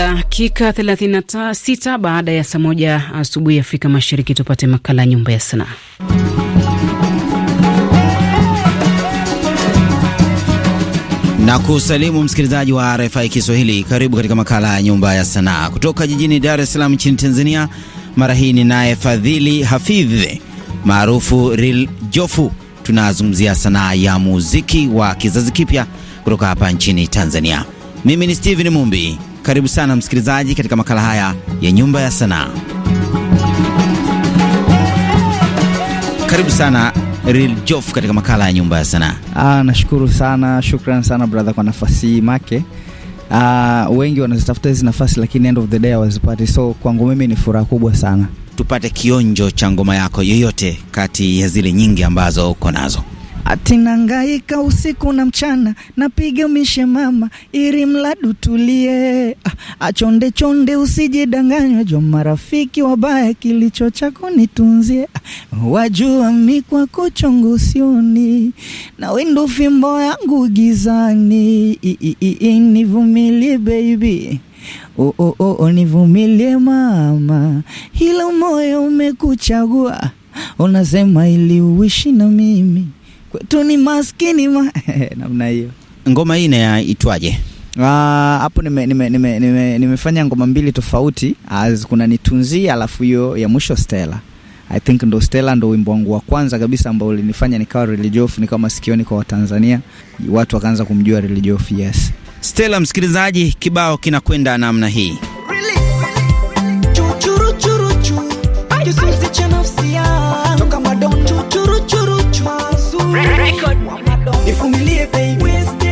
Dakika 36 baada ya saa moja asubuhi Afrika Mashariki, tupate makala ya Nyumba ya Sanaa. na kusalimu msikilizaji wa RFI Kiswahili. Karibu katika makala ya Nyumba ya Sanaa kutoka jijini Dar es Salaam nchini Tanzania. Mara hii ninaye Fadhili Hafidhi maarufu ril Jofu. Tunazungumzia sanaa ya muziki wa kizazi kipya kutoka hapa nchini Tanzania. Mimi ni Steven Mumbi. Karibu sana msikilizaji katika makala haya ya Nyumba ya Sanaa. Karibu sana Real Jof katika makala ya Nyumba ya Sanaa. Ah, nashukuru sana, shukran sana brother kwa nafasi hii make. Ah, wengi wanazitafuta hizi nafasi lakini end of the day hawazipati, so kwangu mimi ni furaha kubwa sana. Tupate kionjo cha ngoma yako yoyote kati ya zile nyingi ambazo uko nazo atinangaika usiku na mchana, napiga mishe mama ili mladu tulie, ah, achonde chonde usijidanganywe, jo marafiki wabaya, kilicho chako nitunzie, ah, wajua mi kwako chongo sioni, na windu fimbo yangu gizani, nivumilie baby O, o, o, nivumilie mama, hilo moyo umekuchagua, unasema ili uishi na mimi kwetu ni maskini ma namna hiyo. Ngoma hii inaitwaje? Ah, hapo nime, nimefanya nime, nime, nime, nime ngoma mbili tofauti as ah, kuna nitunzi alafu hiyo ya mwisho Stella. I think ndo Stella ndo wimbo wangu wa kwanza kabisa ambao ulinifanya nikawa religiof nikawa masikioni kwa Watanzania, watu wakaanza kumjua religiof. Yes, Stella. Msikilizaji, kibao kinakwenda namna hii really? Really? Churu, churu, churu. Ay, ay. Record, If you me baby.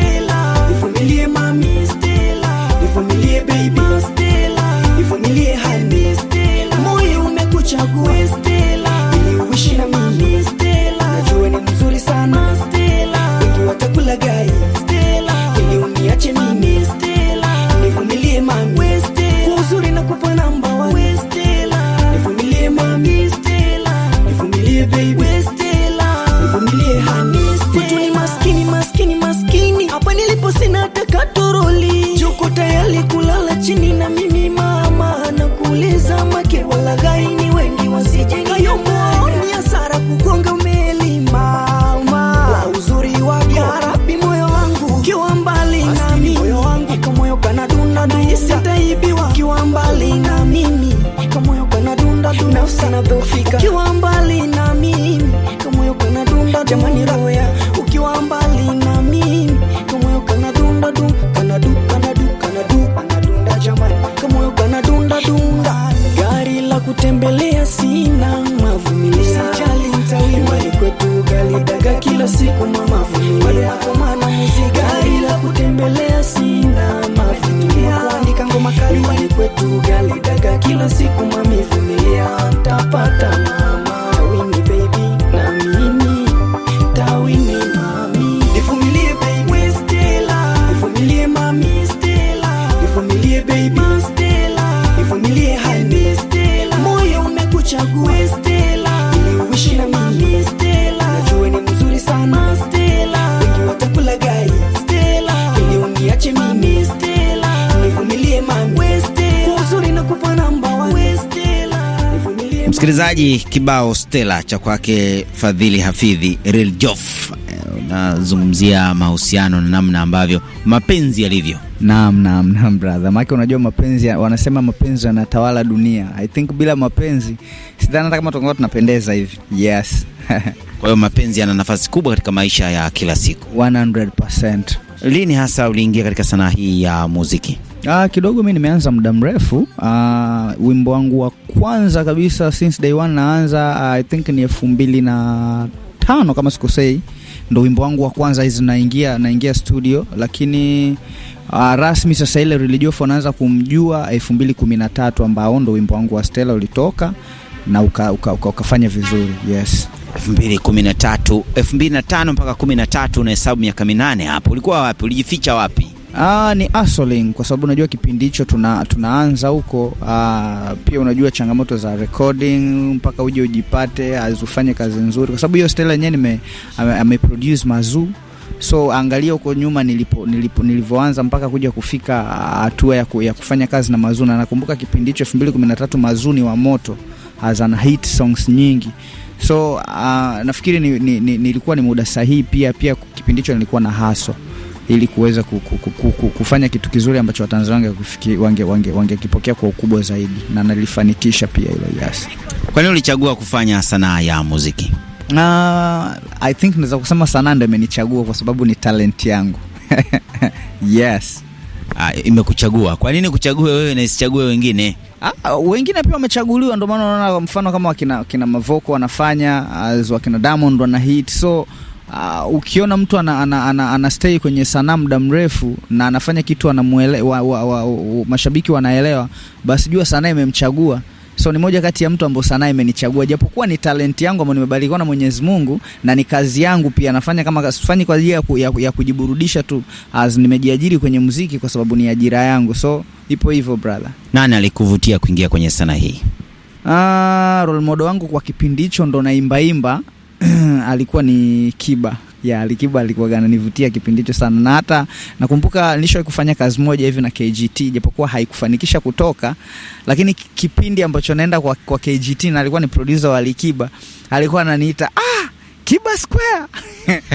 can't believe Msikilizaji, kibao Stella cha kwake Fadhili Hafidhi Real Jof unazungumzia mahusiano na namna ambavyo mapenzi yalivyo. Naam, naam, naam brother, maana unajua mapenzi, wanasema mapenzi yanatawala dunia. I think bila mapenzi sidhani hata kama tungekuwa tunapendeza hivi. Yes. Kwa hiyo mapenzi yana nafasi kubwa katika maisha ya kila siku 100%. Lini hasa uliingia katika sanaa hii ya muziki? Ah, kidogo mi nimeanza muda mrefu. Ah, wimbo wangu wa kwanza kabisa since day one naanza, I think ni elfu mbili na tano kama sikosei, ndo wimbo wangu wa kwanza hizi naingia naingia studio, lakini Uh, rasmi sasa ile rilijofu naanza kumjua 2013 ambao ndo wimbo wangu wa Stella ulitoka na uka, uka, uka, ukafanya vizuri. Yes. 2013, 2005 mpaka 13 unahesabu miaka minane hapo. Ulikuwa wapi? Ulijificha wapi? Aa, ah, ni hustling kwa sababu unajua kipindi hicho tuna, tunaanza huko. Ah, pia unajua changamoto za recording mpaka uje ujipate azufanye kazi nzuri, kwa sababu hiyo Stella yenyewe nime ame, ame produce mazuu so angalia huko nyuma nilipo, nilipo, nilivyoanza mpaka kuja kufika ah, hatua ya, ku, ya kufanya kazi na Mazuu, na nakumbuka kipindi hicho 2013 Mazuu ni wa moto azana hit songs nyingi so uh, nafikiri ni, ni, ni, nilikuwa ni muda sahihi pia pia kipindi hicho nilikuwa na haso ili kuweza kufanya kitu kizuri ambacho Watanzania wange, wange, wangekipokea kwa ukubwa zaidi, na nalifanikisha pia hilo yasi. Kwa nini ulichagua kufanya sanaa ya muziki? Uh, I think naweza kusema sanaa ndio imenichagua kwa sababu ni talent yangu yes. Uh, imekuchagua. Kwa nini kuchagua wewe na isichague wengine? Uh, wengine pia wamechaguliwa, ndio maana unaona mfano kama wakina, wakina Mavoko wanafanya as wakina Diamond wana hit so uh, ukiona mtu ana, ana, ana, ana, stay kwenye sanaa muda mrefu na anafanya kitu anamuelewa, wa, wa, wa, mashabiki wanaelewa, basi jua sanaa imemchagua. So ni moja kati ya mtu ambao sanaa imenichagua, japokuwa ni talenti yangu ambayo nimebarikiwa na Mwenyezi Mungu na ni kazi yangu pia. Nafanya kama sifanyi kwa ajili ya, ya, ya kujiburudisha tu, as nimejiajiri kwenye muziki kwa sababu ni ajira yangu, so ipo hivyo brother. Nani alikuvutia kuingia kwenye sanaa hii? Ah, role model wangu kwa kipindi hicho ndo naimbaimba alikuwa ni Kiba ya Alikiba alikuwa nivutia kipindi hicho sana, na hata nakumbuka nilishawahi kufanya kazi moja hivi na KGT, japokuwa haikufanikisha kutoka, lakini kipindi ambacho naenda kwa, kwa KGT na alikuwa ni producer wa Alikiba, alikuwa ananiita ah, Kiba Square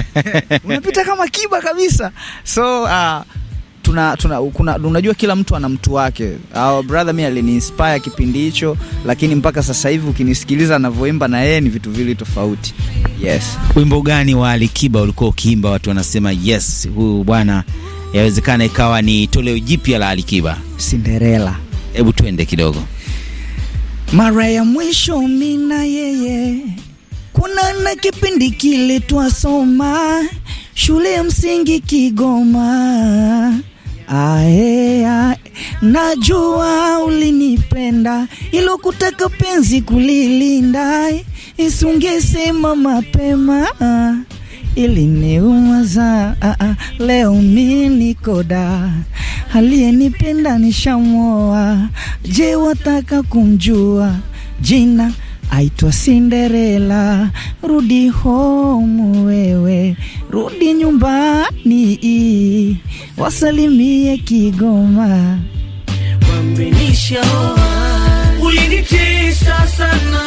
unapita kama Kiba kabisa so uh, tuna, tuna, kuna, unajua kila mtu ana mtu wake. Our brother mi aliniinspire kipindi hicho, lakini mpaka sasa hivi ukinisikiliza anavyoimba na yeye ni vitu vili tofauti. Yes. Wimbo gani wa Alikiba ulikuwa ukiimba watu wanasema yes, huyu bwana yawezekana ikawa ni toleo jipya la Alikiba? Cinderella. Hebu twende kidogo. Mara ya mwisho mi na yeye kuna na kipindi kile twasoma shule ya msingi Kigoma Ae, ae, najua ulinipenda ilo kutaka penzi kulilinda, isungesema mapema ili niumaza leo mi nikoda aliyenipenda nishamwoa. Je, wataka kumjua jina aitwa Cinderella. Rudi home wewe, rudi nyumbani, wasalimie Kigoma. Wambenisha ulinitesa sana,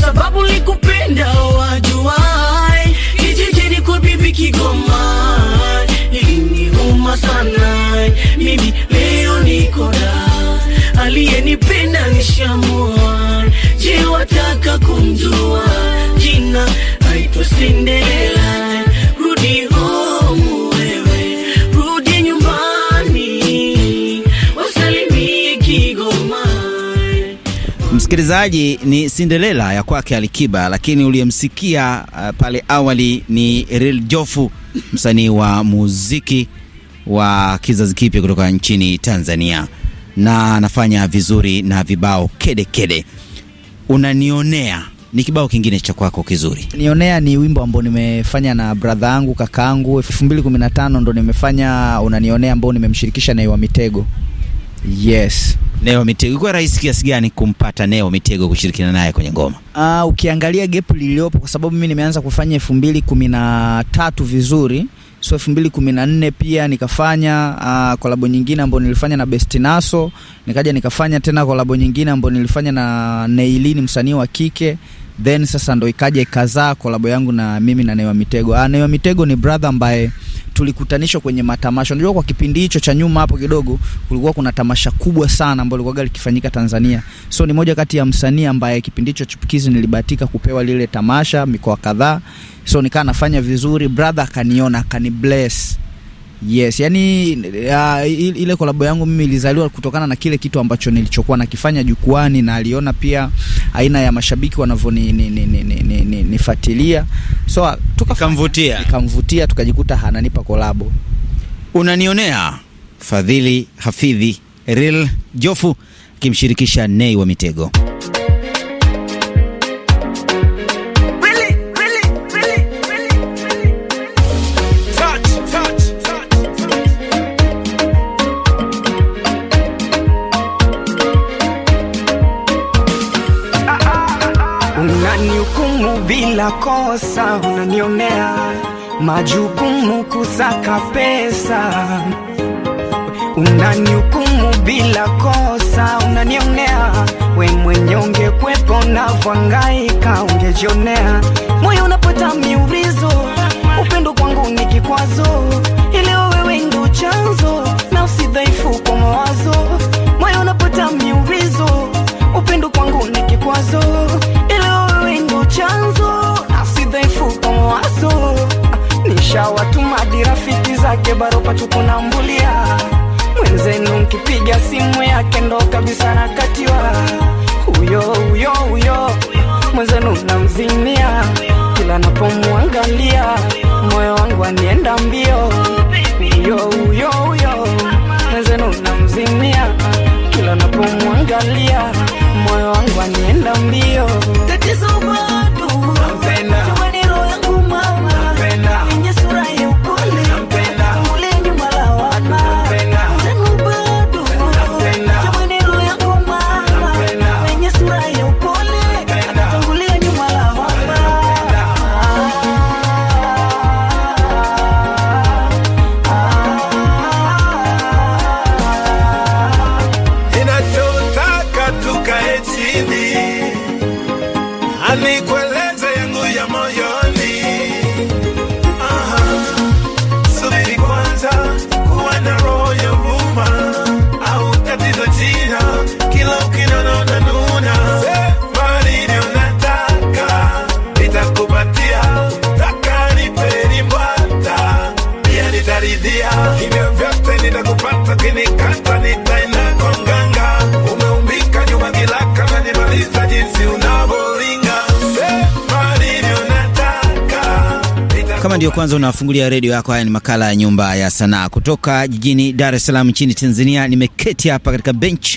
sababu likupenda wajua kijijini kwa bibi Kigoma, iliniuma sana mimi, leo niko aliyenipenda nishamua. Je, wataka kumjua jina? Aitwa Cinderella. Rudi home wewe, rudi nyumbani, wasalimie Kigoma. Msikilizaji, ni Cinderella ya kwake Alikiba, lakini uliyemsikia uh, pale awali ni Real Jofu, msanii wa muziki wa kizazi kipya kutoka nchini Tanzania na anafanya vizuri na vibao kede kede. Unanionea ni kibao kingine cha kwako kizuri. Nionea ni wimbo ambao nimefanya na bradha yangu kakaangu, elfu mbili kumi na tano ndo nimefanya unanionea, ambao nimemshirikisha Nay wa Mitego. Yes. Neo Mitego ilikuwa rahisi kiasi gani kumpata Neo Mitego kushirikiana naye kwenye ngoma? Uh, ukiangalia gap liliyopo kwa sababu mimi nimeanza kufanya elfu mbili kumi na tatu vizuri so elfu mbili kumi na nne pia nikafanya uh, ah, kolabo nyingine ambayo nilifanya na Bestinaso, nikaja nikafanya tena kolabo nyingine ambayo nilifanya na Neilini, msanii wa kike then sasa ndo ikaja ikazaa kolabo yangu na mimi na Neywa Mitego. Ah, Neywa Mitego ni brother ambaye tulikutanishwa kwenye matamasha. Unajua, kwa kipindi hicho cha nyuma hapo kidogo kulikuwa kuna tamasha kubwa sana ambalo lilikuwa likifanyika Tanzania. So ni moja kati ya msanii ambaye kipindi hicho chipukizi nilibahatika kupewa lile tamasha mikoa kadhaa. So nikaa nafanya vizuri, brother akaniona, akanibless Yes, yani uh, ile kolabo yangu mimi ilizaliwa kutokana na kile kitu ambacho nilichokuwa nakifanya jukwani, na aliona pia aina ya mashabiki wanavyonifuatilia, so tukamvutia, ikamvutia tukajikuta ananipa kolabo. Unanionea Fadhili Hafidhi Real Jofu akimshirikisha Nei wa Mitego. majukumu bila kosa, unanionea majukumu kusaka pesa, unanihukumu bila kosa, unanionea we mwenye ungekwepo unavyohangaika ungejionea. Moyo unapata miurizo, upendo kwangu ni kikwazo, ileo wewe ndo chanzo, na usidhaifu kwa mawazo, moyo unapata miurizo zake baro pachuku na mbulia mwenzenu mkipiga simu yake ndo kabisa na katiwa huyo huyo huyo mwenzenu namzimia kila napomwangalia moyo wangu anienda mbio huyo huyo huyo mwenzenu namzimia kila napomwangalia baby. I'm ndio kwanza unafungulia redio yako, haya ni makala ya Nyumba ya Sanaa kutoka jijini Dar es Salaam nchini Tanzania. Nimeketi hapa katika bench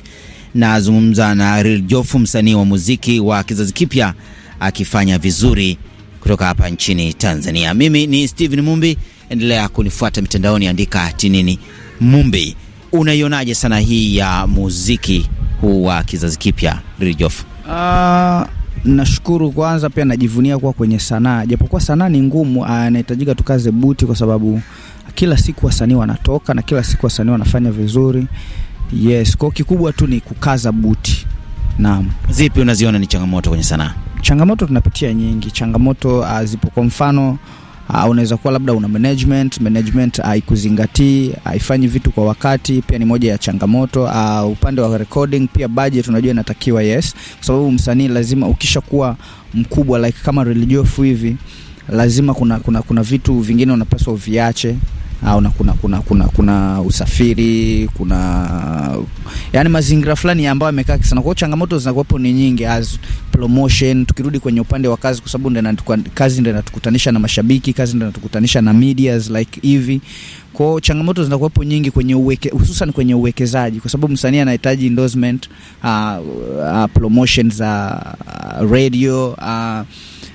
nazungumza na, na Real Jofu, msanii wa muziki wa kizazi kipya akifanya vizuri kutoka hapa nchini Tanzania. Mimi ni Steven Mumbi, endelea kunifuata mitandaoni, andika tinini Mumbi. Unaionaje sanaa hii ya muziki huu wa kizazi kipya Real Jofu? uh nashukuru kwanza, pia najivunia kuwa kwenye sanaa, japokuwa sanaa ni ngumu, anahitajika ah, tukaze buti, kwa sababu kila siku wasanii wanatoka na kila siku wasanii wanafanya vizuri. Yes, kwa kikubwa tu ni kukaza buti. Naam. Zipi unaziona ni changamoto kwenye sanaa? Changamoto tunapitia nyingi, changamoto ah, zipo, kwa mfano Uh, unaweza kuwa labda una management, management haikuzingatii, uh, haifanyi uh, vitu kwa wakati, pia ni moja ya changamoto. Uh, upande wa recording pia budget unajua inatakiwa yes, kwa sababu msanii lazima ukishakuwa mkubwa like kama Religioso hivi lazima kuna, kuna, kuna vitu vingine unapaswa uviache au na kuna, kuna, kuna, kuna usafiri, kuna yani mazingira fulani ambayo yamekaa kisana Kwa changamoto zinakuwepo ni nyingi as promotion. Tukirudi kwenye upande wa kazi, kwa sababu ndio kazi ndio inatukutanisha na mashabiki, kazi ndio inatukutanisha na medias like hivi. Kwa changamoto zinakuwepo nyingi kwenye uweke, hususan kwenye uwekezaji, kwa sababu msanii anahitaji endorsement, uh, uh, promotion za uh, radio uh,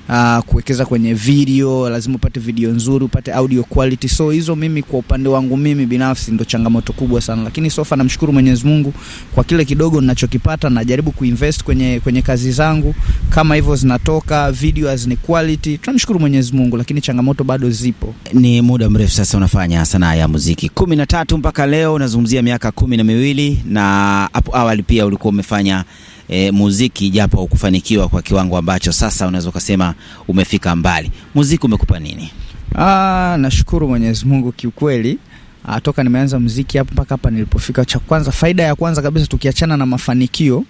uh, kuwekeza kwenye video, lazima upate video nzuri, upate audio quality. So hizo mimi kwa upande wangu mimi binafsi ndo changamoto kubwa sana, lakini sofa namshukuru Mwenyezi Mungu kwa kile kidogo ninachokipata, najaribu kuinvest kwenye, kwenye kazi zangu kama hivyo zinatoka video as ni quality, tunamshukuru Mwenyezi Mungu, lakini changamoto bado zipo. Ni muda mrefu sasa unafanya sanaa ya muziki kumi na tatu mpaka leo, unazungumzia miaka kumi na miwili na hapo awali pia ulikuwa umefanya e, muziki japo kufanikiwa kwa kiwango ambacho sasa unaweza ukasema umefika mbali, muziki umekupa nini? Ah, nashukuru Mwenyezi Mungu kiukweli ah, toka nimeanza muziki hapo mpaka hapa nilipofika, cha kwanza, faida ya kwanza kabisa, tukiachana na mafanikio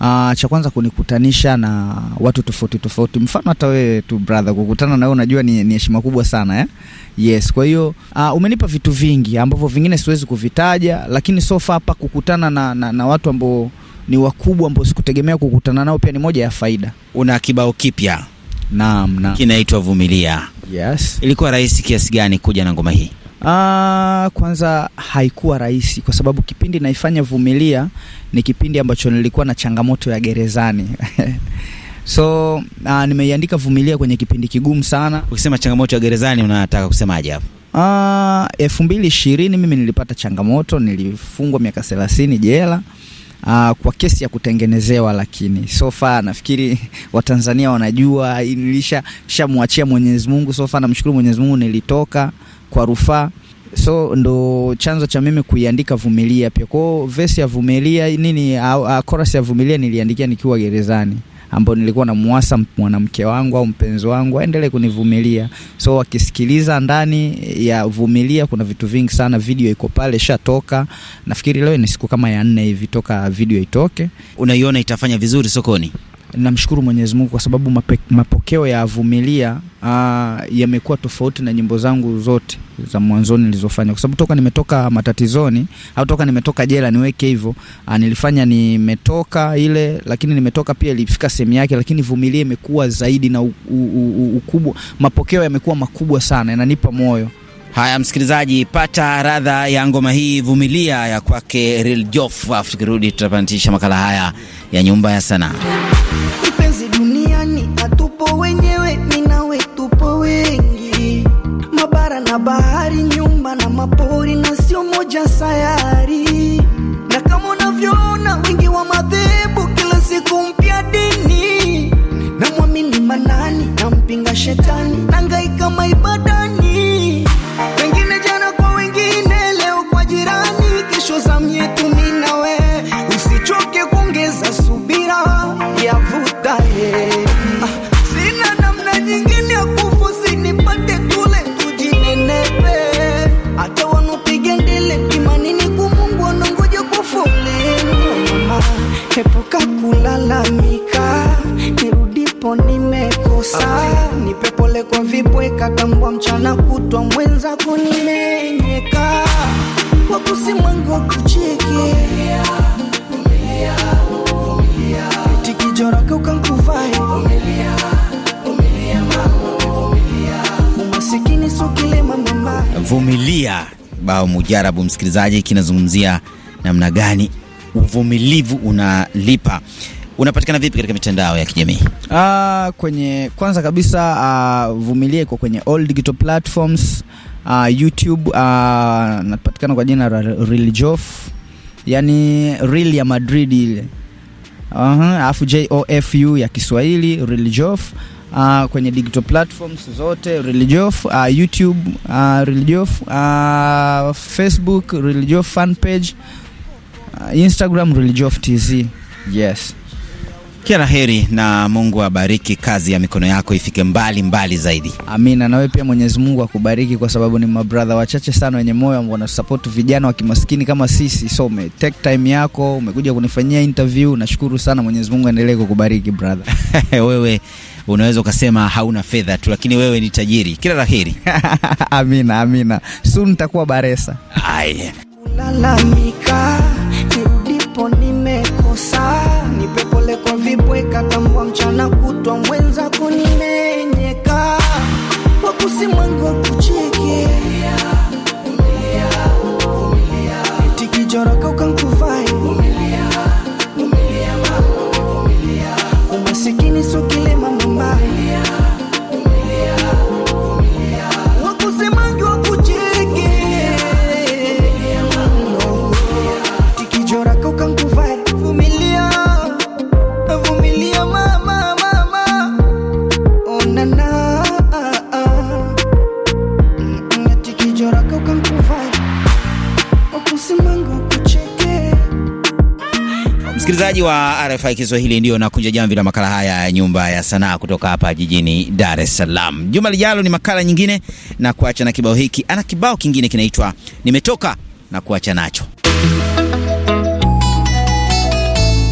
Uh, cha kwanza kunikutanisha na watu tofauti tofauti, mfano hata wewe tu brother, kukutana na wewe unajua ni heshima kubwa sana eh? Yes, kwa hiyo uh, umenipa vitu vingi ambavyo vingine siwezi kuvitaja, lakini so far hapa kukutana na, na, na watu ambao ni wakubwa ambao sikutegemea kukutana nao, pia ni moja ya faida. Una kibao kipya naam, naam, kinaitwa Vumilia. Yes. Ilikuwa rahisi kiasi gani kuja na ngoma hii? Ah, kwanza haikuwa rahisi kwa sababu kipindi naifanya Vumilia ni kipindi ambacho nilikuwa na changamoto ya gerezani so aa, ah, nimeiandika Vumilia kwenye kipindi kigumu sana. Ukisema changamoto ya gerezani unataka kusemaje hapo? Ah, elfu mbili ishirini mimi nilipata changamoto, nilifungwa miaka thelathini jela uh, kwa kesi ya kutengenezewa, lakini so far nafikiri Watanzania wanajua, shamwachia Mwenyezi Mungu. So far namshukuru Mwenyezi Mungu, nilitoka kwa rufaa so ndo chanzo cha mimi kuiandika Vumilia pia kwao. Vesi ya Vumilia nini, chorus ya Vumilia niliandikia nikiwa gerezani ambao nilikuwa namuasa mwanamke wangu au mpenzi wangu aendelee kunivumilia. So wakisikiliza ndani ya vumilia, kuna vitu vingi sana. Video iko pale, shatoka. Nafikiri leo ni siku kama ya nne hivi toka video itoke. Unaiona itafanya vizuri sokoni? namshukuru Mwenyezi Mungu kwa sababu mape, mapokeo ya Vumilia ah, yamekuwa tofauti na nyimbo zangu zote za mwanzoni nilizofanya, kwa sababu toka nimetoka matatizoni au toka nimetoka jela, niweke hivyo, ah, nilifanya nimetoka ile, lakini nimetoka pia ilifika sehemu yake, lakini Vumilia imekuwa zaidi na u, u, u, ukubwa, mapokeo yamekuwa makubwa sana, yananipa moyo. Haya, msikilizaji, pata radha ya ngoma hii Vumilia ya kwake Real Jof. Afu tukirudi tutapandisha makala haya ya Nyumba ya Sanaa mpenzi duniani hatupo wenyewe, mimi nawe tupo wengi, mabara na bahari, nyumba na mapori, na sio moja sayari. Na kama unavyoona wingi wa madhehebu, kila siku mpya dini, namwamini manani, nampinga shetani Choka kulalamika, nirudipo nimekosa, nipe pole kwa vibweka, tambua mchana kutwa mwenzako nimenyeka, wakusi mwengu kucheke umasikini vumilia bao mujarabu, msikilizaji, kinazungumzia namna gani uvumilivu unalipa. Unapatikana vipi katika mitandao ya kijamii? Uh, kwenye kwanza kabisa uh, vumilie kwa kwenye all digital platforms uh, YouTube uh, napatikana kwa jina la Real Jof, yani Real ya Madrid ile uh-huh, alafu Jofu ya Kiswahili Real Jof uh, kwenye digital platforms zote Real uh, YouTube uh, Real uh, Facebook Real Jof fan page Uh, Instagram Religiof TZ. Yes. Kila heri na Mungu abariki kazi ya mikono yako ifike mbali mbali zaidi. Amina. Na wewe pia Mwenyezi Mungu akubariki, kwa sababu ni mabradha wachache sana wenye moyo ambao wanasupport vijana wa kimaskini kama sisi. So ume take time yako, umekuja kunifanyia interview. Nashukuru sana. Mwenyezi Mungu aendelee kukubariki brother. Wewe unaweza ukasema hauna fedha tu, lakini wewe ni tajiri. Kila la heri. Amina, amina. Soon nitakuwa baresa. Ai. upon him RFI Kiswahili ndio nakunja jamvi la makala haya ya nyumba ya sanaa kutoka hapa jijini Dar es Salaam. Juma lijalo ni makala nyingine, na kuacha na kibao hiki. Ana kibao kingine kinaitwa nimetoka na kuacha nacho.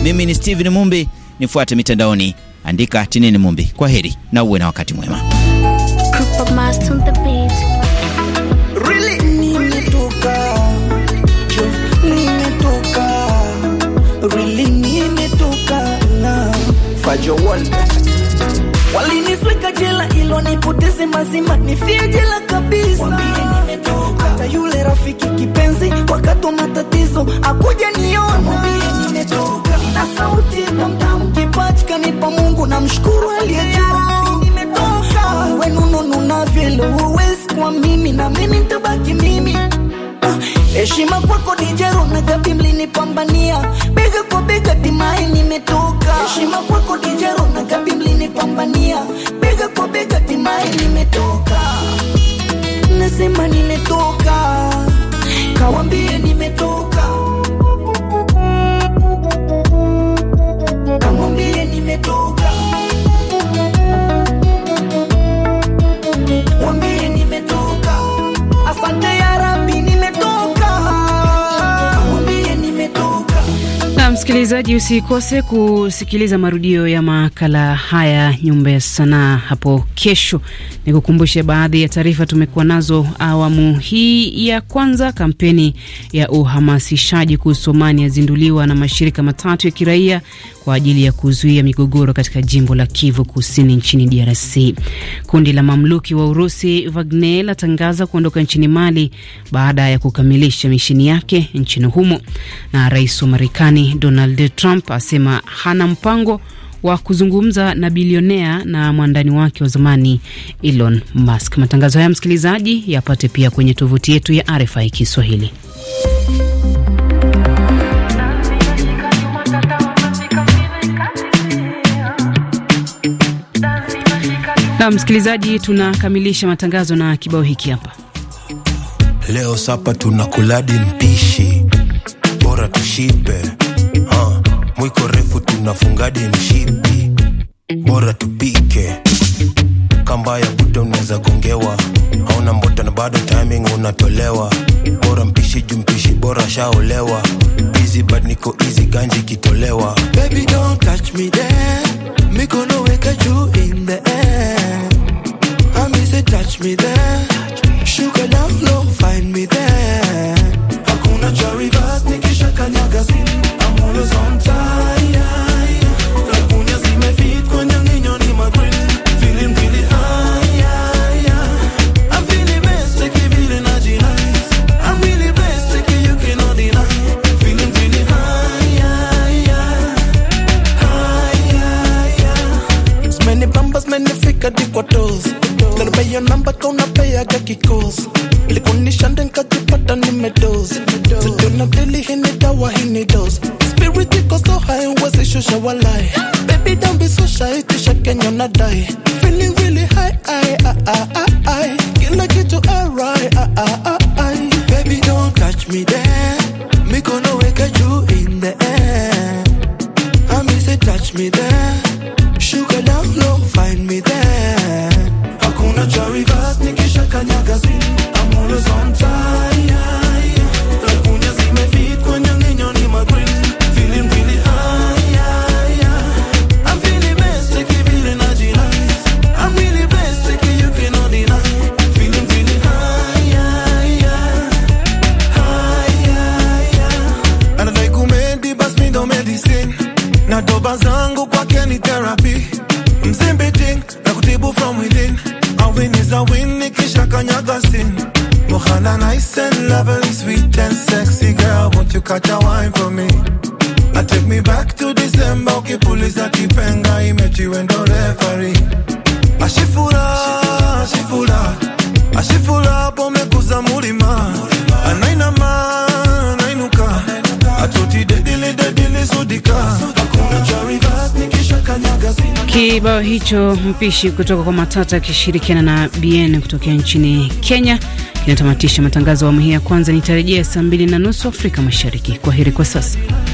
Mimi ni Steven Mumbi, nifuate mitandaoni, andika Tinini Mumbi. Kwa heri na uwe na wakati mwema. pajo walinifleka jela ilo nipoteze mazima nifie jela kabisa hata yule rafiki kipenzi wakati wa matatizo akuja nimetoka. na sauti tamtam kipatikanipa Mungu na mshukuru aliyejua vile uwezi kwa mimi na mimi ntabaki mimi Heshima kwako ni jero na gapi mlinipambania, bega kwa bega timae nimetoka. Heshima kwako ni jero na gapi mlinipambania, bega kwa bega timae nimetoka. Nasema nimetoka, kawambie nimetoka Msikilizaji, usikose kusikiliza marudio ya makala haya Nyumba ya Sanaa hapo kesho. ni kukumbushe baadhi ya taarifa tumekuwa nazo awamu hii ya kwanza. Kampeni ya uhamasishaji kuhusu amani yazinduliwa na mashirika matatu ya kiraia kwa ajili ya kuzuia migogoro katika jimbo la Kivu Kusini nchini DRC. Kundi la mamluki wa Urusi Wagner latangaza kuondoka nchini Mali baada ya kukamilisha misheni yake nchini humo, na rais wa Marekani Donald Trump asema hana mpango wa kuzungumza na bilionea na mwandani wake wa zamani Elon Musk. Matangazo haya msikilizaji, yapate pia kwenye tovuti yetu ya RFI Kiswahili. Na msikilizaji, tunakamilisha matangazo na kibao hiki hapa. Leo sapa tunakuladi mpishi bora tushipe ha, mwiko refu tunafungadi mshipi bora tupike ya buta unaweza gongewa hauna mbota na bado timing unatolewa bora mpishi juu mpishi bora shaolewa bizi bad niko izi ganji kitolewa Baby don't touch me there mikono weka juu in the air me there catch me there. sugar down low, find me there. Hakuna cha reverse, nikishakanyaga zi, I'm always on time. ukikata wine for me na take me back to December, ukipuliza kipenga imechiwe ndo refari ashifura ashifura ashifura pomekuza mulima anainama anainuka atuti dedili dedili sudika hakuna cha reverse Kibao hicho mpishi kutoka kwa Matata akishirikiana na BN kutokea nchini Kenya inatamatisha matangazo awamu hii ya kwanza. Nitarejea saa mbili na nusu Afrika Mashariki. kwa heri kwa sasa.